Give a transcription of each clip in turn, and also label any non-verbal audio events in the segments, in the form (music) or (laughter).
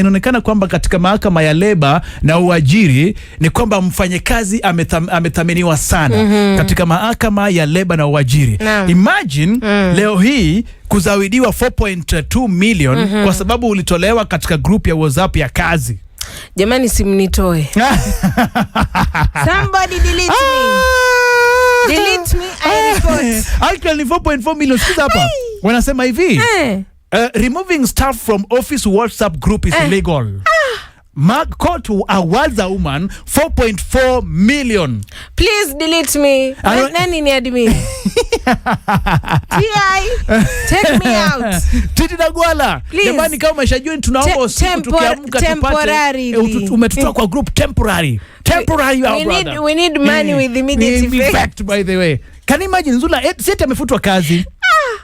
Inaonekana kwamba katika mahakama ya leba na uajiri ni kwamba mfanyakazi ametham, amethaminiwa sana mm -hmm. katika mahakama ya leba na uajiri no. Imagine mm. leo hii kuzawidiwa 4.2 million mm -hmm. kwa sababu ulitolewa katika group ya WhatsApp ya kazi. Jamani, simu nitoe. (laughs) Somebody delete me. Ah! Delete me, I report. (laughs) Alkali 4.4 million, sikiza hapa wanasema hivi hey. Uh, removing staff from office WhatsApp group is eh, illegal. Ah. Mark Court awards a woman 4.4 million. Please delete me. Uh, Nani na ni admin? (laughs) TI, take me out. (laughs) Titi Nagwala. Dagwala. Jamani kama umeshajua tunaomba usiku tukiamka tupate. Eh, Umetutoa kwa group temporary. Temporary we, we brother. Need, we need money mm, with immediate effect. by the way. Can you imagine Zula, eh, Sete amefutwa kazi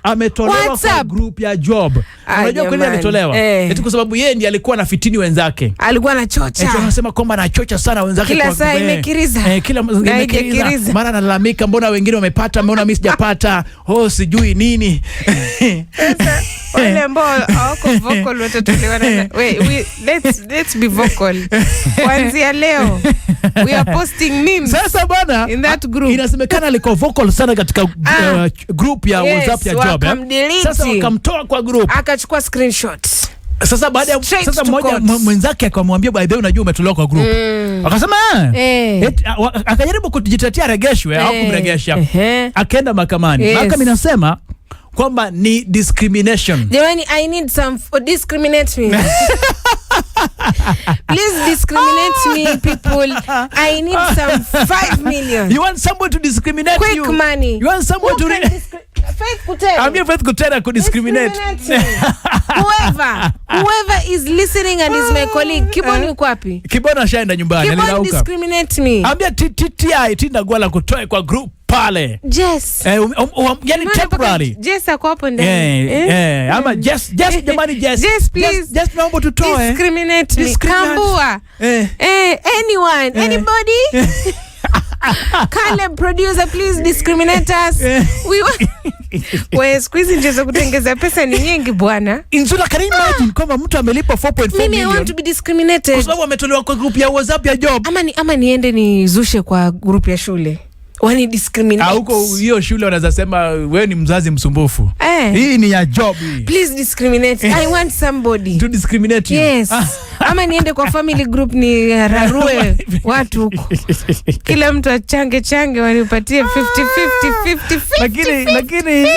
ametolewa kwa group ya job. Unajua kweli ametolewa eh, eti kwa sababu yeye ndiye alikuwa na fitini wenzake, alikuwa anachocha, eti anasema kwamba anachocha sana wenzake, kila saa imekiriza eh, kila imekiriza, mara analalamika, mbona wengine wamepata, mbona mimi sijapata, (laughs) oh sijui nini (laughs) (laughs) wale ambao hawako (laughs) vocal we, we, let's, let's be vocal kuanzia leo we are posting memes sasa bwana in that group inasemekana alikuwa vocal sana katika ah, uh, group ya yes, WhatsApp ya job eh? Sasa wakamtoa kwa group akachukua screenshot sasa baada sasa mmoja mwenzake akamwambia by the way, unajua umetolewa kwa group mm. Akasema ah. eh. eh, eh. Akajaribu kujitetea regeshwe au kumregesha eh. Akaenda mahakamani Mahakama inasema kwamba ni discrimination. Jamani, I need some for discriminate me. (laughs) Please discriminate me people. I need some 5 million. You want someone to discriminate Quick you. Quick money. You want someone Who to Faith Kutera. I'm here Faith Kutera could discriminate. Whoever, whoever is listening and is my colleague, Kibon yuko wapi? Kibon ashaenda nyumbani, alinauka. Kibon discriminate me. Ambia TTI tinda gwala kutoe kwa group pale Jess. Eh, um, um, um, yani temporary. ako hapo ndani. Eh, eh, ama please. Discriminate me. Kambua. Eh. Eh, anyone, eh. anybody? (laughs) Eh. producer please discriminate us. We Wewe (laughs) za kutengeza pesa ni nyingi bwana. Insula can ah. mtu amelipa 4.4 million. Mimi I want to be discriminated. Kwa sababu ametolewa kwa group ya WhatsApp ya job. Ama ni, ama niende nizushe kwa group ya shule wani Huko hiyo shule wanaweza sema wewe ni mzazi msumbufu. Eh. Hii ni ya job hii. Please discriminate. I eh. want somebody. To discriminate you. Yes. Ah. Ama niende kwa family group ni rarue (laughs) watu huko. Kila mtu achange change wanipatie 50 50 50 50. Lakini lakini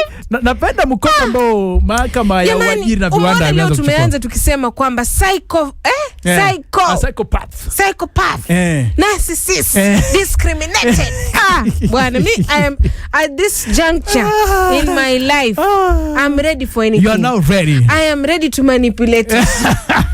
napenda ah. ambao mahakama ya uajiri na viwanda leo tumeanza tukisema kwamba psycho eh yeah. psycho. A ah, psychopath. Psychopath. Eh. Narcissist. Eh. Discriminated. (laughs) But bwana, me I am at this juncture in my life. Ah. I'm ready for anything. You are now ready. I am ready to manipulate. (laughs)